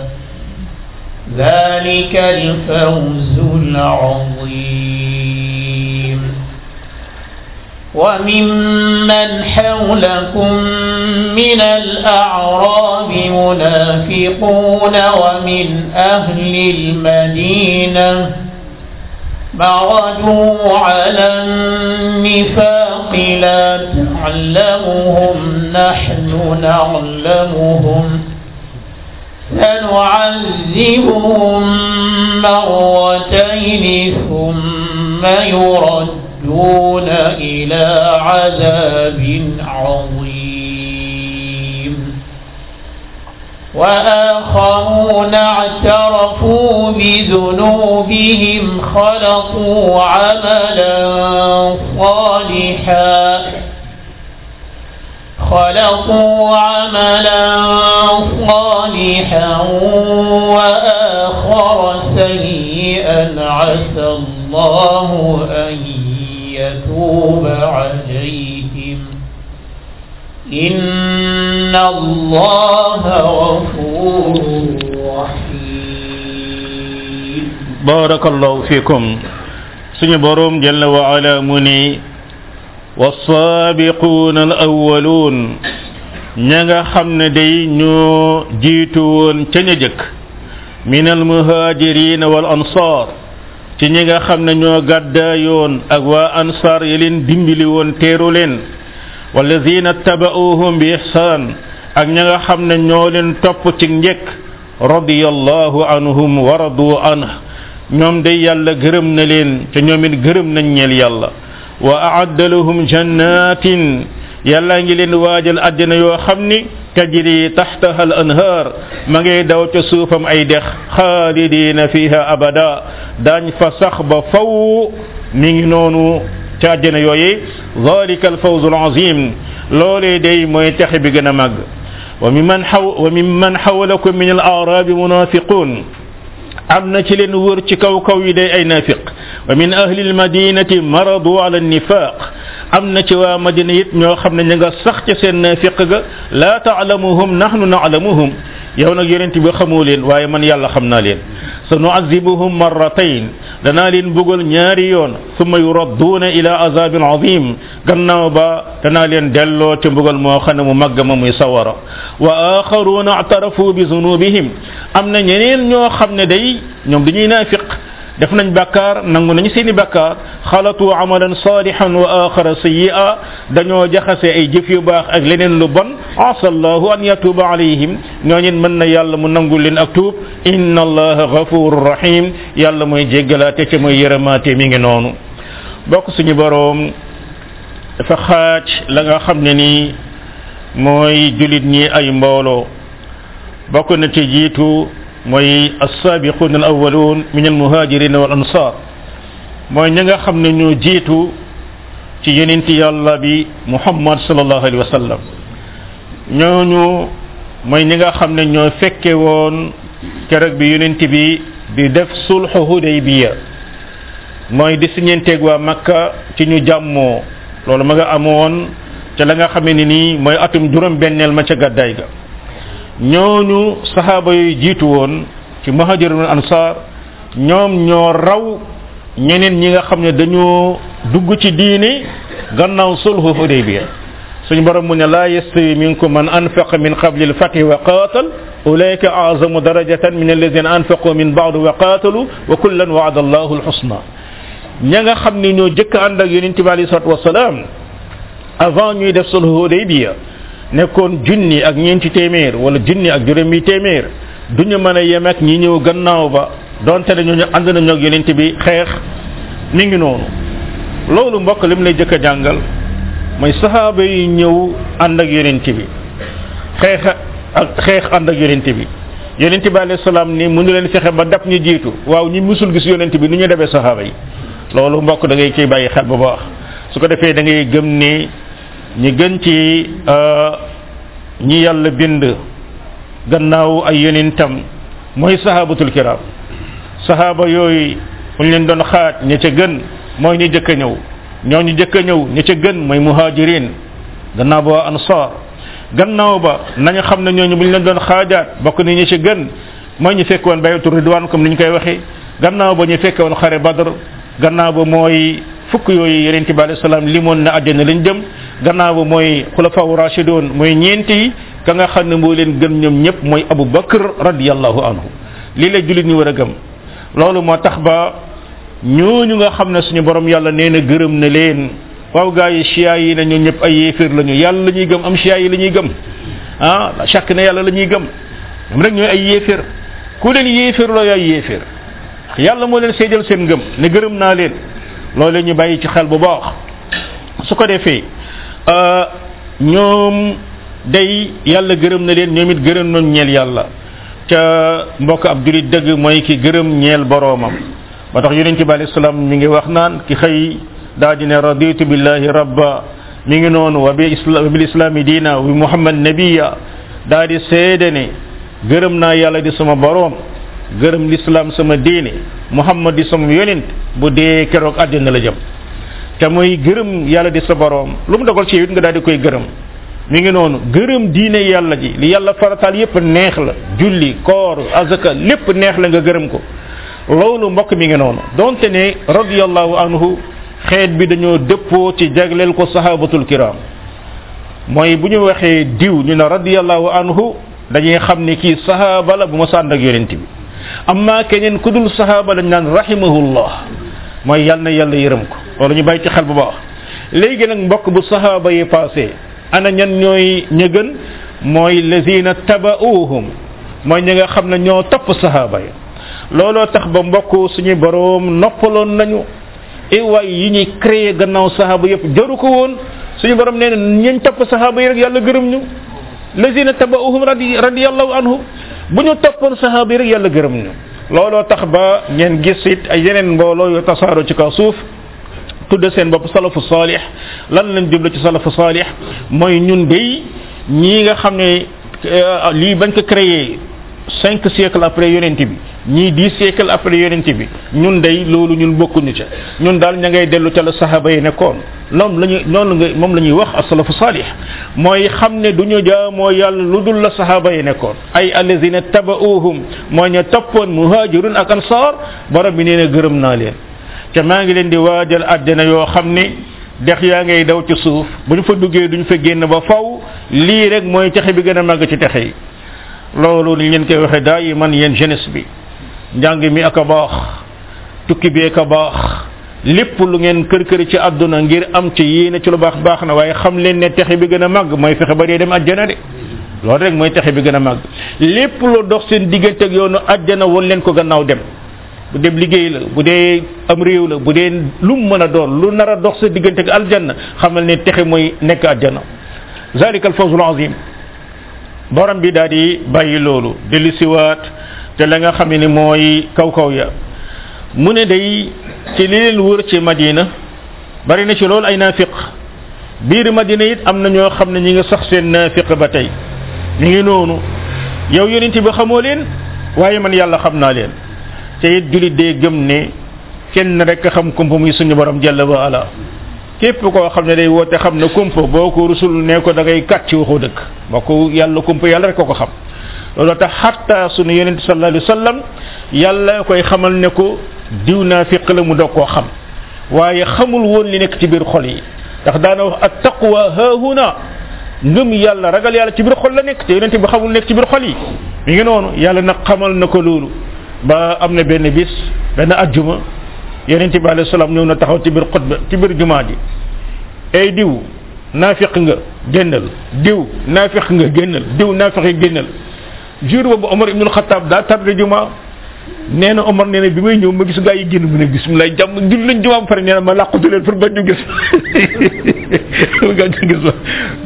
ذلك الفوز العظيم وممن حولكم من الأعراب منافقون ومن أهل المدينة مرجوا على النفاق لا تعلمهم نحن نعلمهم سنعذبهم مرتين ثم يرد يردون إلى عذاب عظيم وآخرون اعترفوا بذنوبهم خلقوا عملا صالحا خلقوا عملا صالحا وآخر سيئا عسى الله أن يتوب عليهم إن الله غفور رحيم بارك الله فيكم سنة بروم جل وعلا مني والسابقون الأولون نغا nga xam ne day ñoo jiitu woon ca wal ci ñi nga xam na ñoo gàddaayoon ak waa ansaar yi leen dimbali woon teeru leen walladina taba'uuhum bi ihsaan ak ña nga xam ne ñoo leen topp ci njëkk radiyallahu anhum wa radu anh ñoom day yàlla gërëm na leen te ñoom it gërëm nañ ñeel yàlla wa a'adda lahum jannatin يلا نجلين واجل أدنى يو خمني تجري تحتها الأنهار مغي دو تسوفم أي خالدين فيها أبدا دان فسخ بفو من نونو تجنى يوي ذلك الفوز العظيم لولي دي موي تخبي مغ وممن حو وممن حولكم من الاعراب منافقون امنا تشلن ور تشكاو اي نافق ومن اهل المدينه مرضوا على النفاق am na ci waa madina it ñoo xam ne ñu nga sax ca seen naafiq ga laa taalamuhum nahnu naalamuhum yow nag yonent bi xamoo leen waaye man yàlla xam na naa leen sa nuazibuhum marratayn danaa leen bëggal ñaari yoon summa yuradduuna ila azabin azim gannaaw ba danaa leen delloo ci mbugal moo xam ne mu màgg ma mu sawara wa axaruuna atarafu bi am na ñeneen ñoo xam ne naafiq def nañ bakkar nangu nañ seeni bakkar khalatu amalan salihan wa akhar sayyi'a dañu jaxase ay jëf yu bax ak leneen lu bon asallahu an yatuba alayhim ñoo ñin mën na yàlla mu nangul leen ak tuub inna allaha ghafurur rahim yàlla moy jéggalaté ci moy yërëmaate mi ngi nonu bok suñu borom fa xaj la nga xamné ni moy julit ñi ay mbolo bokk na ci jitu mooy alsaabiquun al awalun min al muhaajirina wal ansaar mooy ña nga xam ne ñoo jiitu ci yonenti yàlla bi muhammad sallallahu alayhi wa sallam ñooñu mooy ñi nga xam ne ñoo fekke woon keroog bi yonenti bi di def sulxu hudaybiya mooy di siñenteeg waa makka ci ñu jàmmoo loolu ma nga amoon ca la nga xam ne nii mooy atum juróom benneel ma ca gàddaay ga ñooñu saxaaba yooyu jiitu woon ci muhajirun ansar ñoom ñoo raw ñeneen ñi nga xam ne dañoo dugg ci diini gannaaw sulhu hudaybiya suñ borom mu ne laa yastawi minkum man anfaqa min qabli alfathi wa qatal ulayka azamu darajatan min alladina anfaqu min baadu wa qatalu wa kullan waada allahu alxusna ña nga xam ne ñoo jëkk ànd ak yonente bi alayhi salatu wasalaam ñuy def sulhu hudaybiya nekkoon junni ak ñeenti téeméer wala junni ak juróomi téeméer duñu mën a yem ak ñi ñëw gannaaw ba donte ne ñooñu ànd nañu ak yonent bi xeex mi ngi noonu loolu mbokk lim lay jëkk a jàngal mooy saxaaba yi ñëw ànd ak yonent bi xeex ak xeex ànd ak yonent bi yonent bi alayhi salaam ni mënu leen fexe ba dab ñu jiitu waaw ñi musul gis yonent bi ni ñu defee saxaaba yi loolu mbokk da ngay ciy bàyyi xel bu baax su ko defee dangay gëm nii ñi gën ci euh, ñi yàlla bind gannaaw ay yeneen tam mooy sahabatul kiram sahaaba yooyu buñ leen doon xaaj ña ca gën mooy ñu jëkk a ñëw ñoo ñu jëkk ñëw ña ca gën mooy muhajirin gannaaw ba ansar gannaaw ba nañu xam ne ñooñu ñu leen doon xaajaat bokk ni ña ca gën mooy ñu fekk woon bayatu ridwan comme ni ñu koy waxee gannaaw ba ñu fekke woon xare badr gannaaw ba mooy fukk yooyu yeneen bi alayhi salaam limoon na àjjana lañ jëm gannaaw mooy xulafaawu rashidun mooy ñeenti ka nga xam ne moo leen gën ñoom ñëpp mooy abu bakr radiyallahu anhu lii la jullit ñu war a gëm loolu moo tax ba ñu ñu nga xam ne suñu borom yàlla nee na gërëm na leen waaw gars yi yi na ñëpp ay yéeféer lañu yàlla la ñuy gëm am chia yi lañuy ñuy gëm ah chàkk na yàlla lañuy gëm ñoom rek ñooy ay yéeféer ku leen yéeféer loo yaay yéeféer yàlla moo leen seedal seen gëm ne gërëm naa leen loolu ñu bàyyi ci xel bu baax su ko defee Euh, ñoom day yàlla gërëm na leen ñoom it gërëm nañ ñeel yàlla ca mbokk ab julit dëgg mooy ki gërëm ñeel boroomam ba tax yonente bi alayhi salaam mi ngi wax naan ki xëy daa di ne raditu billahi rabba mi ngi noonu wa bi bil islaami diina wa bi muhammad nabiya daa di seede ne gërëm naa yàlla di sama boroom gërëm lislaam sama diine muhammad di sama yonent bu dee keroog àddina la jëm te mooy gërëm yàlla di sa boroom lu mu dogal ci yow it nga daal di koy gërëm mu ngi noonu gërëm diine yàlla ji li yàlla farataal yépp neex la julli koor azaka lépp neex la nga gërëm ko loolu mbokk mi ngi noonu donte ne radiyallahu anhu xeet bi dañoo dëppoo ci jagleel ko saxaabatul kiram mooy bu ñu waxee diw ñu ne radiyallahu anhu dañuy xam ni kii sahaaba la bu ma sànd ak yonent bi amma keneen ku dul sahaaba lañ naan rahimahullah mooy yàlla na yàlla yërëm ko loolu ñu bàyyi ci xel bu baax léegi nag mbokk bu saxaaba yi passé ana ñan ñooy ña gën mooy lazina taba'uuhum mooy ñi nga xam ne ñoo topp saxaaba yi looloo tax ba mbokk suñu boroom noppaloon nañu iwaay e yi ñuy créé gannaaw saxaaba yëpp jaru ko woon suñu borom nee na ñañ topp saxaaba yi rek yàlla gërëm ñu lazina taba'uhum radi radiyallahu anhum bu ñu toppoon saxaaba yi rek yàlla gërëm ñu looloo tax ba ngeen gis it ay yeneen mbooloo yu tasaaroo ci kaw suuf tudde seen bopp salafu salih lan lañ jublu ci salafu salih mooy ñun day ñi nga xam ne lii bañ ko créé cinq siècles après yonent bi ñi dix siècles après yonent bi ñun day loolu ñun bokkuñu ca ñun daal ña ngay dellu ca la sahaba yi nekkoon loom lañu noonu nga moom la ñuy wax asalafu salih mooy xam ne du ñu jaamoo yàlla lu dul la sahaba yi nekkoon ay alazina tabauhum mooy ñu toppoon muhajirun ak ansar borom bi nee na gërëm naa leen te maa ngi leen di waajal àjjana yoo xam ne dex yaa ngay daw ci suuf bu ñu fa duggee duñ fa génn ba faw lii rek mooy texe bi gën a màgg ci texe yi loolu ngeen koy waxee daa yi man yéen jeunesse bi njàng mi ak a baax tukki bi ak a lépp lu ngeen kër kër ci àdduna ngir am ci yéene ci lu baax baax na waaye xam leen ne texe bi gën a màgg mooy fexe ba dee dem àjjana de loolu rek mooy texe bi gën a màgg lépp lu dox seen diggante ak yoonu àjjana woon leen ko gannaaw dem bu dee liggéey la bu dee am réew la bu dee lu mu mën a doon lu nar a dox sa diggante ak aljanna xamal ne texe mooy nekk aljanna zalika al fawzul azim borom bi daal di bàyyi loolu dellu siwaat te la nga xam ne mooy kaw kaw ya mu ne day ci li leen wër ci madina bari na ci loolu ay naafiq biir madina it am na ñoo xam ne ñi nga sax seen naafiq ba tey ñu ngi noonu yow yonent bi xamoo leen waaye man yàlla xam naa leen te it jullit day gëm ne kenn rek xam kumpa muy suñu borom jalla wa ala képp koo xam ne day woo te xam ne kumpa boo ko rusul ne ko da ngay kat ci waxoo dëkk boo ko yàlla kumpa yàlla rek ko ko xam loolu tax xatta suñu yonent sallallahu alayhi wa sallam yàlla koy xamal ne ko diw naa fiq la mu doog koo xam waaye xamul woon li nekk ci biir xol yi ndax daana wax at taqwa haahuna ngëm yàlla ragal yàlla ci biir xol la nekk te yonent bi xamul nekk ci biir xol yi mi ngi noonu yàlla nag xamal na ko loolu ba am na benn bis benn ajjuma yonente bi alayhi salaam ñëw na taxaw ci biir xutba ci biir juma ji ay diw naafiq nga génnal diw naafiq nga génnal diw naafiq nga génnal jour boobu omar ibnul Khattab daa tarde juma nee na Omar nee na bi may ñëw ma gis gaa yi génn mu ne bisimilah jàmm julli nañ jumaa ba pare nee na ma làqatu leen pour bañ ñu gis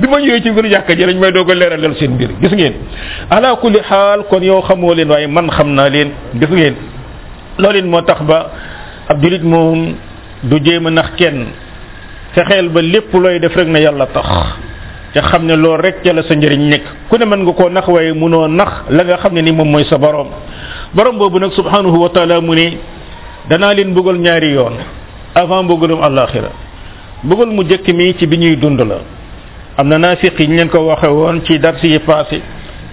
bañ ci biir jàkka ji lañ may doog a leeralal seen mbir gis ngeen. ala kulli xaal kon yow xamoo leen waaye man xam naa leen gis ngeen loolu it moo tax ba ab julit moom du jéem a nax kenn fexeel ba lépp looy def rek na yàlla tax. te xam ne loolu rek ca la sa njëriñ nekk ku ne mën nga koo nax waaye mënoo nax la nga xam ne ni moom mooy sa boroom borom boobu nag subhanahu wa taala mu ne danaa leen bëggal ñaari yoon avant bëggalum àllaaxira bëggal mu jëkk mi ci bi ñuy dund la am na naafiq yi ñu leen ko waxe woon ci dars yi passé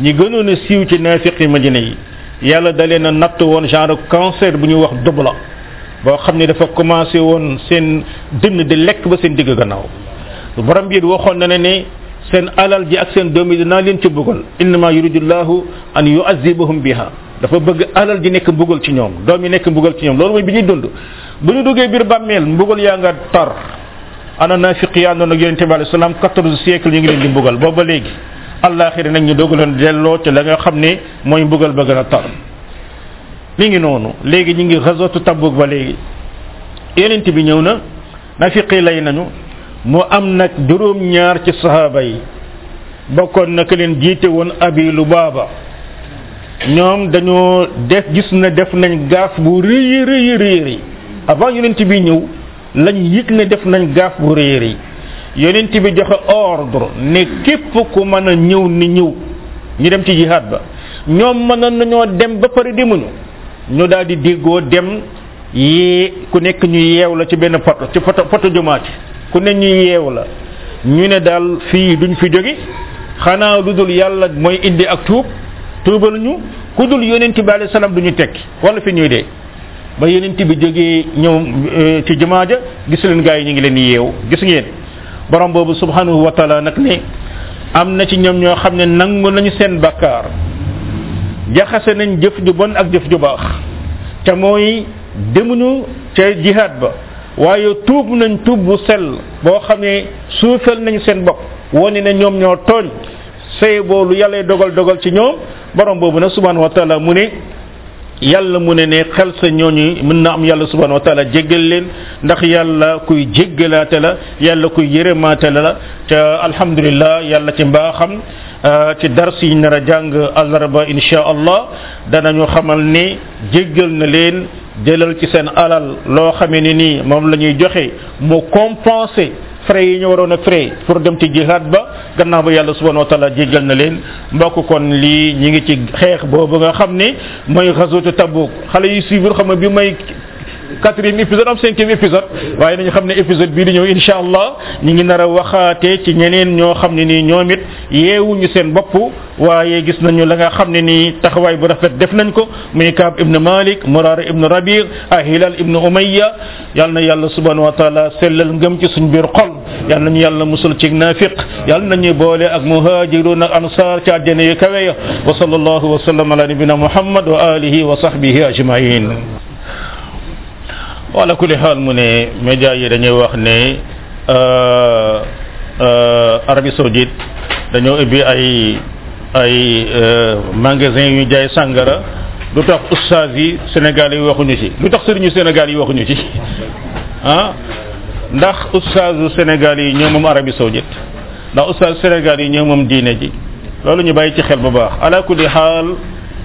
ñi gënoon a siiw ci naafiq yi madina yi yàlla da leen a natt woon genre cancer bu ñuy wax dubla boo xam ne dafa commencé woon seen dënn di lekk ba seen digg gannaaw borom bi waxoon na ne ne seen alal ji ak seen doom yi dinaa leen ci bëggal innama yuridullahu an yuazibahum biha dafa bëgg alal ji nekk mbugal ci ñoom doom yi nekk mbugal ci ñoom loolu mooy bi ñuy dund bu ñu duggee biir bàmmeel mbugal yaa nga tar ana nafiq yaa na ak yonente bi alayhi salaam ñu ngi leen di mbugal booba léegi àllaaxira nag ñu doog leen delloo ci la nga xam ne mooy mbugal ba gën a tar mi ngi noonu léegi ñu ngi xasootu Tabuk ba léegi yonent bi ñëw na nafiqi lay nañu mu am nag juróom ñaar ci sahaaba yi bokkoon na ka leen jiite woon abi lu baaba ñoom dañoo def gis na def nañ gaaf bu rëy rëy rëy avant yonent bi ñëw lañ yëg ne def nañ gaaf bu rëy rëy yonent bi joxe ordre ne képp ku mën ñëw ni ñëw ñu dem ci jihaad ba ñoom mënoon nañoo dem ba pare demuñu ñu daal di déggoo dem yee ku nekk ñu yeew la ci benn poto ci poto poto jumaat ku ne ñu yeew la ñu ne daal fii duñ fi jóge xanaa lu dul yàlla mooy indi ak tuub tuubal ñu ku dul yonent bi alayhi salaam du tekki wala fi ñuy dee ba yonent bi jógee ñëw euh, ci jumaa ja gis leen gaa yi ñu ngi leen yeew gis ngeen borom boobu subhanahu wa taala nag ne am na ci ñoom ñoo xam ne nangu nañu seen bakkaar jaxase nañ jëf ju bon ak jëf ju baax te mooy demuñu ca jihaad ba waaye tuub nañ tuub bu sell boo xam ne suufel nañ seen bopp wone na ñoom ñoo tooñ sey bolu yalla dogal dogal ci ñoom borom bobu na subhanahu wa ta'ala mu ne yalla mu ne ne xel sa ñooñu mën na am yalla subhanahu wa ta'ala jéggal leen ndax yalla kuy jéggalaate la yalla kuy yërëmaate la te alhamdulillah yalla ah, ci mbaxam ci dars yi nara jàng alarba insha allah danañu xamal ni jéggal na leen jëlal ci seen alal loo xamee ni nii moom la ñuy joxe mu compenser frais yi ñu waroon a frais pour dem ci jihaad ba gannaaw ba yàlla subhanahu wa taala jéggal na leen mbokk kon lii ñi ngi ci xeex boobu nga xam ne mooy xasuutu Tabuk xale yi suivre xam nga bi may quatrième épisode am cinquième épisode waaye nañu xam ne épisode bii di ñëw insha allah ñu ngi nar a waxaatee ci ñeneen ñoo xam ne nii ñoom it yeewuñu seen bopp waaye gis nañu la nga xam ne nii taxawaay bu rafet def nañ ko muy kaab ibnu malik murara ibnu rabi ah hilal ibnu umayya yal na yàlla subhanahu wa taala sellal ngëm ci suñ biir xol yal nañu yàlla musul ci nafiq yal nañu boole ak muhajirun ak ansar ci àjjana yu kawe ya wa sallallahu wa sallam ala nabina muhammad wa alihi wa sahbihi ajmain wala kulli xaal mu ne média yi dañuy wax ne euh, euh, Arabie Saoudite dañoo ubbi ay ay euh, magasin yu jaay sàngara lu tax ustaas yi Sénégal yi waxuñu ci lu tax sëriñu Sénégal yi waxuñu ci ah ndax ustaasu Sénégal yi ñoo moom Arabie ndax ustaasu Sénégal yi ñoo moom diine ji loolu ñu bàyyi ci xel bu baax ala kulli xaal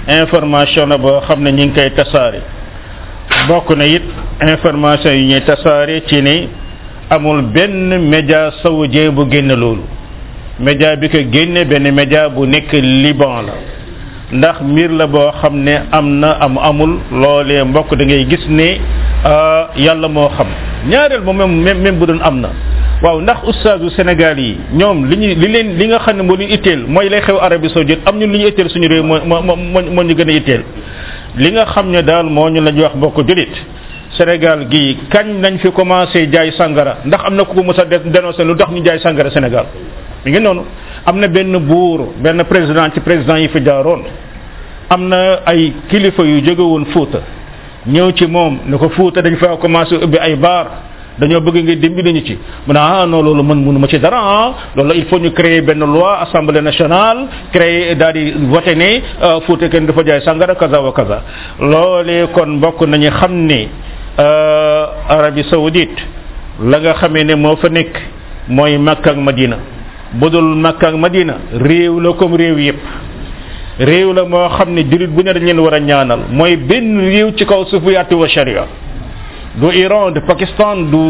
information na ba xam ne ñi ngi koy tasaare bokk na it information yi ñuy tasaare ci ni amul benn média saoudien bu génn loolu média bi ko génne benn média bu nekk Liban la ndax mbir la boo xam ne am na am amul loole mbokk da ngay gis ne ah, yàlla moo xam ñaareel moom même même bu doon am na waaw ndax ustaasu Sénégal yi ñoom li ñu li leen li nga xam ne moo ñu itteel mooy lay xew Arabie Saoudite am ñun li ñu itteel suñu réew moo moo moo ñu gën a itteel li nga xam ne daal moo ñu lañ wax bokk julit Sénégal gii kañ nañ fi commencé jaay sangara ndax am na ku ko mos a dénoncé lu tax ñu jaay sangara Sénégal mi ngi noonu am na benn buur benn président ci président yi fi jaaroon am na ay kilifa yu jóge woon Fuuta ñëw ci moom ne ko Fuuta dañ fa commencé ubbi ay baar dañoo bëgg nga dimbali nañu ci mu ne ah loolu man mënu ma ci dara ah loolu il faut ñu créer benn loi assemblée nationale créer daal di voté ne euh, Fouta kenn dafa jaay sàngara kaza wa kaza loolee kon bokk nañu xam ne euh, Arabie Saoudite la nga xamee ne moo fa nekk mooy Makka ak Madina budul Makka ak Madina réew la comme réew yépp réew la moo xam ne jullit bu ne dañ leen war a ñaanal mooy benn réew ci kaw suuf bu wa sharia du Iran du Pakistan du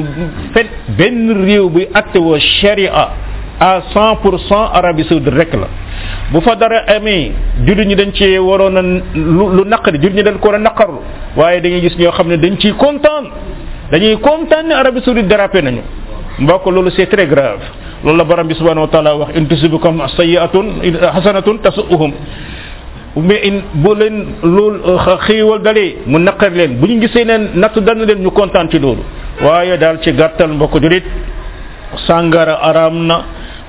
fet benn réew bi attewoo sharia à cent pour cent Arabie saoudite rek la bu fa dara amee ñi dañ ci waroon a lu naqari jullit ñi dañ ko war a naqarlu waaye dañuy gis ñoo xam ne dañ ciy kontaan dañuy kontaan ne Arabie saoudite dérapé nañu mbokk loolu c'est très grave loolu la borom bi subhanahu wa taala wax in tusibukum sayyi'atun hasanatun tasu'uhum mais in bu leen loolu euh, xéewal dalee mu naqar bu ñu gisee neen nattu dana leen ñu kontaan ci loolu waaye daal ci gàttal mbokk julit sàngara araam na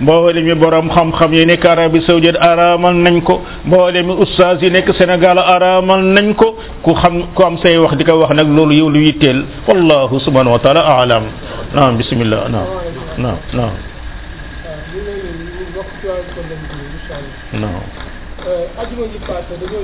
mboolem mi borom xam-xam yi nekk Arabie nañ ko mboolem mi ustaas yi nekk Sénégal araamal nañ ko ku xam ku am say wax di ko wax nag loolu yow lu yitteel wallahu subhanahu wa taala naam bismillah naam naam naam naam Euh, ajuma ji euh,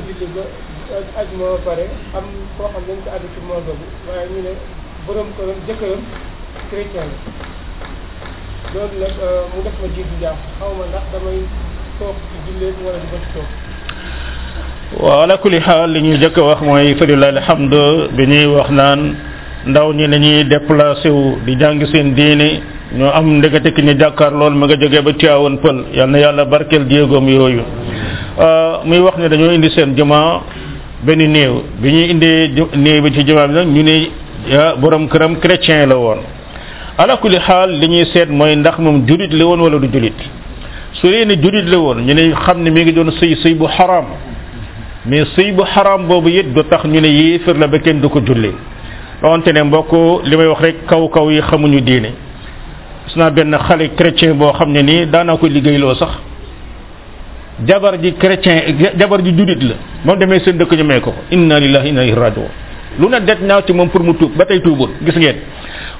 euh, xaal li ñuy jëkk wax mooy falilah alhamd bi ñuy wax naan ndaw ñi dañuy déplacé wu di jàng seen diini ñoo am ndekete ki ñu jàkkaar lool ma nga jóge ba Tivaouane Pël yal na yàlla barkeel jéegoom yooyu Euh, muy wax ne dañoo indi seen juma benn néew bi ñuy indee néew bi ci juma bi nag ñu ne euh, borom këram chrétien la woon ala kulli xaal li ñuy seet mooy ndax moom julit la woon wala du julit su dee ne julit la woon ñu ne xam ne mi ngi doon sëy sëy bu xaram mais sëy bu xaram boobu yit du tax ñu ne yéefir la ba kenn du ko julli donte ne mbokk li may wax rek kaw kaw yi xamuñu diine gis naa benn xale chrétien boo xam ne nii daanaa ko liggéeyloo sax. jabar ji chrétien jabar ji judit la moom demee seen dëkk ñu may ko ko inna lillahi inna ilayhi rajo lu na det naaw ci moom pour mu tuub ba tey tuubul gis ngeen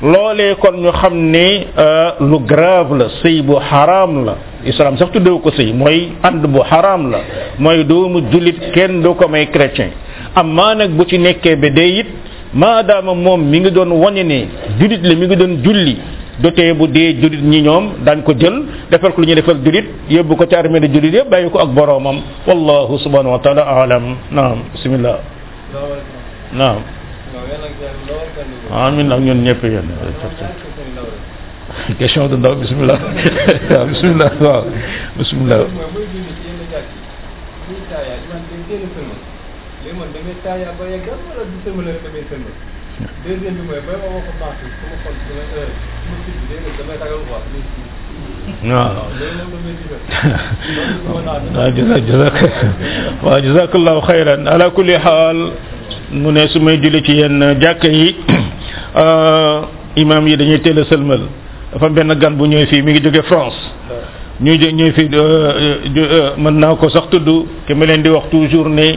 loole kon ñu xam ne euh, lu grave la sëy bu xaraam la islam sax tuddewu ko sëy mooy ànd bu xaraam la mooy doomu jullit kenn du ko may am maa nag bu ci nekkee ba dee it maadaama moom mi ngi doon wane ne jullit la mi ngi doon julli dotee bu dee jullit ñi ñoom daañ ko jël defal ko lu ñu defal julit yóbbu ko ci armée de julit yëpp bàyyi ak boromam wallahu subhanahu wa ta'ala a'lam naam bismillah naam amin nak ñun ñëpp yeen question de ndaw bismillah bismillah wa bismillah deuxième bi mooy bay ma wax ko baax ko ko xol ci la heure ci ci dégg nga damay tagal quoi نعم. جزاك جزاك الله خيرا على كل حال مناسب ما يجي لك ين جاكي آه، امام يدي نيتي سلمل فا بن غان بو نيوي في ميغي جوغي فرانس نيوي نيوي في آه، آه، من ناكو سختدو كي ملين دي وقت توجور ني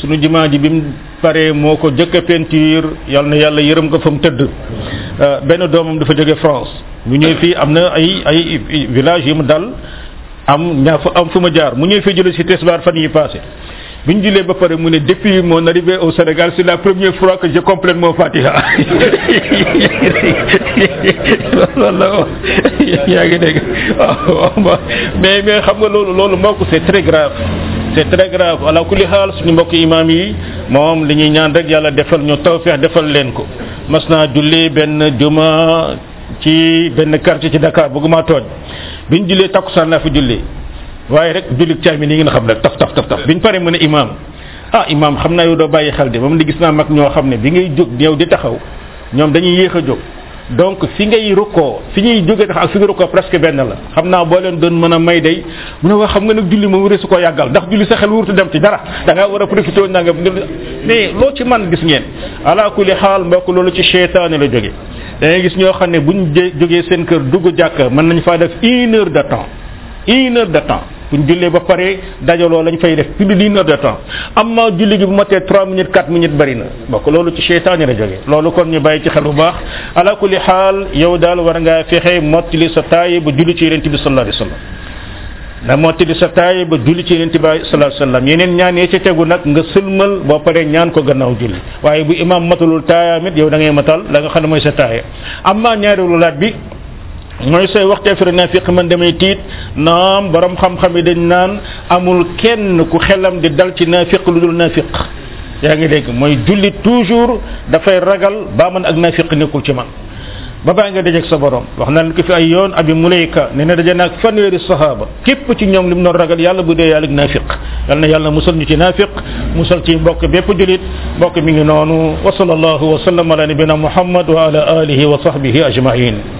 sunu jumaa ji bi mu paree moo ko jëkk a peinture yal na yàlla yërëm nga fa mu tëdd euh, benn doomam dafa jóge France mu ñëw fii am na ay ay village yi mu dal am ñaa fa am fu ma jaar mu ñëw fi jële si tesbar fan yi passé bi ñu julee ba pare mu ne depuis mon arrivée au Sénégal c'est la premier fois que j'ai complètement yaa ngi dégg mais mais xam nga loolu loolu mbokk c'est très grave c'est très grave ala kulli xaal suñu mbokki imaam yi moom li ñuy ñaan rek yàlla defal ñu tawfeex defal leen ko mas naa julli benn juma ci benn quartier ci Dakar bëgguma tooñ bi ñu jullee takkusaan laa fi julli waaye rek julli caay mi nii ngeen xam ne taf taf taf taf bi ñu paree mën ne imaam ah imaam xam naa yow doo bàyyi xel de moom di gis naa mag ñoo xam ne bi ngay jóg yow di taxaw ñoom dañuy yéex a jóg donc fi ngay ruko fi ñuy joge tax ak suñu ruko presque ben la xamna bo leen doon mëna may day mëna wax xam nga nak julli mo wuré su ko yagal ndax julli sa xel wurtu dem ci dara da nga wara profito nga ni lo ci man gis ngeen ala kulli hal mbok lolu ci shaytan la joge da ngay gis ño xamne buñ joge seen kër duggu jakk mën nañ fa def 1 heure de temps 1 heure de temps buñ jullee ba pare dajaloo lañ fay def plus d'une heure de temps am ma julli gi bu matee 3 minutes 4 minutes bari na bokk loolu ci seytaane la jógee loolu kon ñu bàyyi ci xel bu baax ala kulli xaal yow daal war ngaa fexe mottali sa taaye ba julli ci yonent bi sallallahu alayhi wa sallam na sa taaye ba julli ci yonent bi sallallahu alayhi wa sallam yeneen ñaan yee ca tegu nag nga sëlmal boo paree ñaan ko gannaaw julli waaye bu imaam matalul taayaamit yow da ngay matal la xam ne mooy sa taaye am na ñaareelu laaj bi moy say wax waxtee fir nafiq man damay tit nam borom xam-xam yi dañ nan amul kenn ku xelam di dal ci nafiq lu dul nafiq ya nga deg moy julli toujours da fay ragal ba man ak nafiq ne ko ci man ba ba nga dejek sa borom wax nañ ki fi ay yon abi mulayka ne na dajana ak fanweri sahaba kep ci ñom lim no ragal yàlla bu de yàlla ak nafiq yalla yàlla musal ñu ci nafiq musal ci mbokk bépp julit mbokk mi ngi nonu wa sallallahu wa sallam ala nabina muhammad wa ala alihi wa sahbihi ajmain